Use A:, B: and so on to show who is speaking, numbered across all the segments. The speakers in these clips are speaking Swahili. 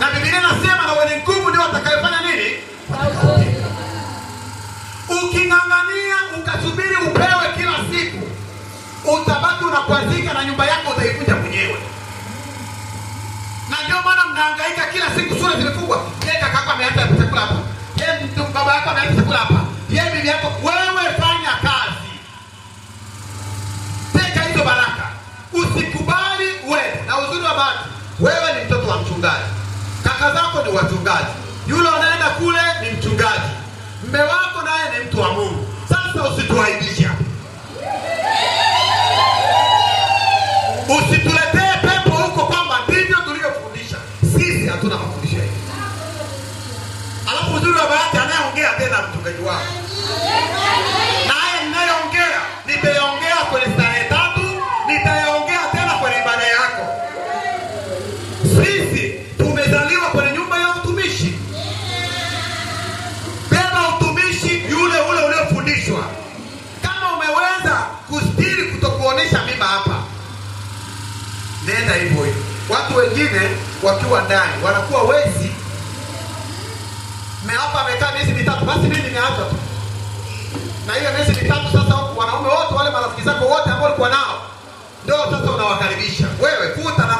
A: na bibilia nasema na wenye nguvu ndio watakayofanya nini? Uking'ang'ania ukasubiri upewe kila siku, utabaki unakwazika na nyumba yako utaivunja mwenyewe. Na ndio maana mnaangaika kila siku, sura zimefungwa. Yeye kaka ameacha chakula hapa, yeye mtu baba yako ameacha chakula hapa, yeye bibi yako. Wewe fanya kazi, teka hizo baraka, usikubali wewe. Na uzuri wa bahati wewe ni wachungaji, yule anaenda kule ni mchungaji, mme wako naye ni mtu wa Mungu. Sasa usituaibisha, usituletee pepo huko kwamba ndivyo tulivyofundisha sisi. Hatuna mafundisho hiyo. Alafu uzuri wa bahati, anayeongea tena mchungaji wako wengine wakiwa ndani wanakuwa wezi. Hapa amekaa miezi mitatu, basi mimi nimeacha tu. Na hiyo miezi mitatu sasa, wanaume wote wale marafiki zako wote ambao ulikuwa nao ndio sasa unawakaribisha wewe, futa na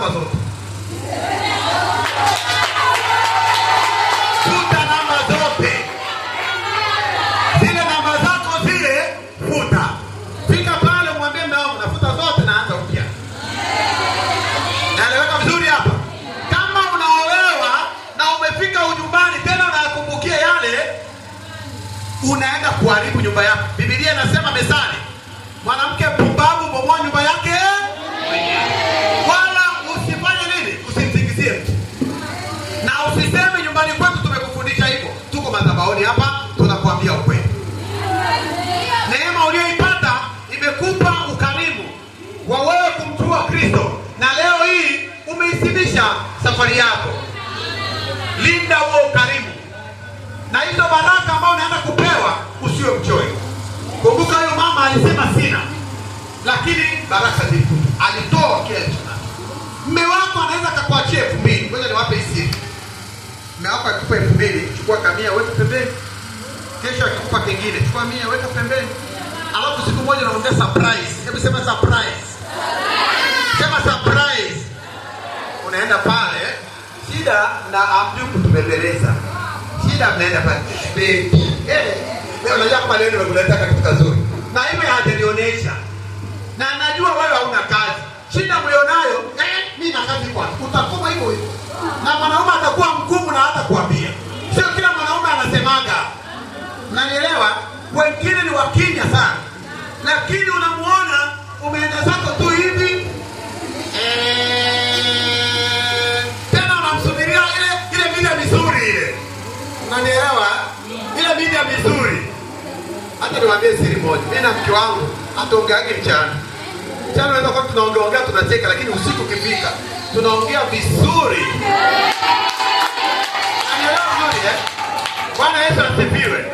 A: baraka ambayo unaenda kupewa usiwe mchoyo. Kumbuka huyo mama alisema sina, lakini baraka zipo, alitoa kile alichonacho. Mme wako anaweza akakuachia elfu mbili. Ngoja niwape hisia. Mme wako akikupa elfu mbili, chukua kamia weka pembeni, kesho akikupa kingine, chukua mia weka pembeni, alafu siku moja unaongea surprise. Hebu sema surprise, sema surprise. Unaenda pale, eh? shida na amjuu kutubembeleza shida mnaenda pale bebi. Eh, leo najua kama leo nimekuleta katika zuri. Na hivyo hajanionyesha. Na najua wewe hauna kazi. Shida mlionayo, eh, mimi na kazi kwa. Utakoma hivyo hivyo. Na mwanaume niwaambie siri moja, mimi na mke wangu hatuongeage mchana. Mchana unaweza kuwa tunaongea ongea tunacheka, lakini usiku ukifika tunaongea vizuri. Eh? Bwana Yesu asifiwe.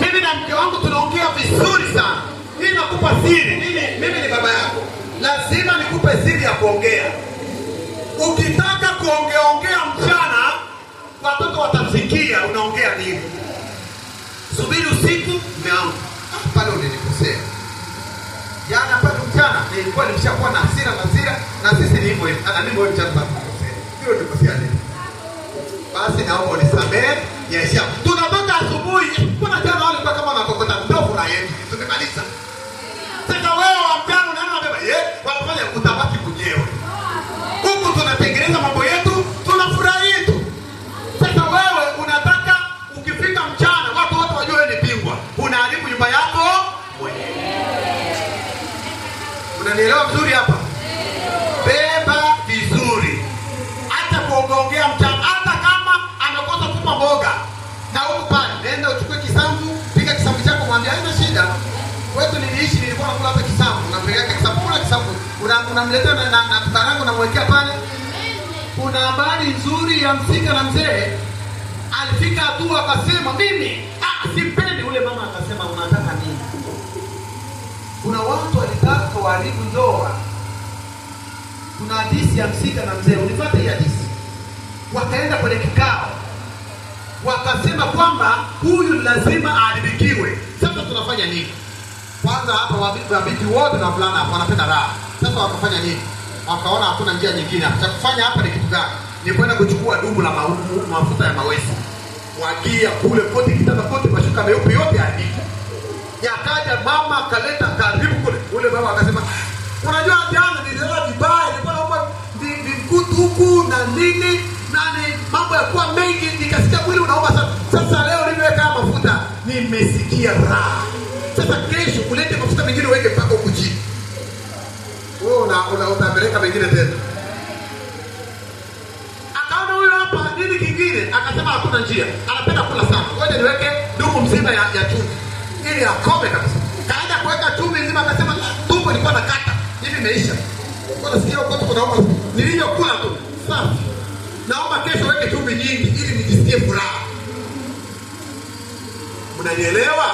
A: Mimi na mke wangu tunaongea vizuri sana. Mimi nakupa siri, mimi mimi ni baba yako, lazima nikupe siri ya kuongea. Ukitaka kuongea ongea mchana, watoto watasikia unaongea nini. Subiri usiku nilikuwa nimeshakuwa na hasira na hasira na sisi ni hivyo hivyo, ana mimi wewe mchana sana. Hilo ndilo basi. Naomba hapa, beba vizuri, hata kuongeongea mchana, hata kama amekosa kupa mboga na huku pale, nenda uchukue kisambu, piga kisambu chako, mwambie haina shida. Kwetu niliishi nilikuwa nakula hata kisamvu, napeleka kisambu, kula kisamvu, unamletea na na mtarango, namwekea pale. Kuna habari nzuri ya msika na mzee alifika hatua akasema, mimi ah, sipendi hadithi ya msika na mzee, ulifuata hii hadithi. Wakaenda kwenye kikao, wakasema kwamba huyu lazima aadhibikiwe. Sasa tunafanya nini? Kwanza hapa wabiti wote na fulana hapa wanapenda raha. Sasa wakafanya nini? Wakaona hakuna njia nyingine, cha kufanya hapa ni kitu gani? Ni kwenda kuchukua dubu la maumu, mafuta ya mawesi wagia kule kote, kitanda kote, mashuka meupe yote yadiki. Yakaja mama akaleta karibu kule, ule baba akasema, ah, unajua jana nililala vibaya kuku na nini nani, mambo yakuwa mengi, nikasikia mwili unaomba sana. Sasa leo nimeweka mafuta, nimesikia raha. Sasa kesho ulete mafuta mengine uweke mpaka huku chini, una utapeleka mengine tena. Akaona huyo hapa nini kingine, akasema hakuna njia, anapenda kula sana, ngoja niweke dumu mzima ya, ya chumvi ili akome kabisa. Kaenda kuweka chumvi mzima akasema tumbo ah, ilikuwa nakata hivi, imeisha. Nasikia ukoto kunauma nilivyokuwa mnanielewa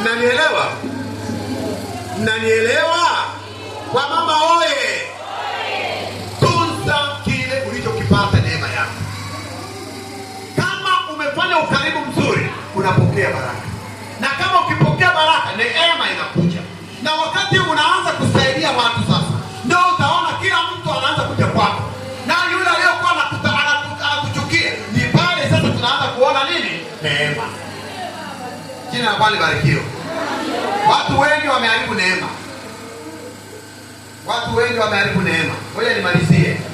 A: mnanielewa mnanielewa kwa mama oye tunza kile ulichokipata neema yako kama umefanya ukaribu mzuri unapokea baraka na kama ukipokea baraka neema inakuja na wakati unaanza kusaidia watu sasa ndo utaona kila mtu anaanza kuja kwako na yule aliyokuwa anakuchukia ni pale sasa tunaanza kuona nini neema jina linakuwa libarikiwe. Watu wengi wameharibu neema, watu wengi wameharibu neema. Ngoja nimalizie.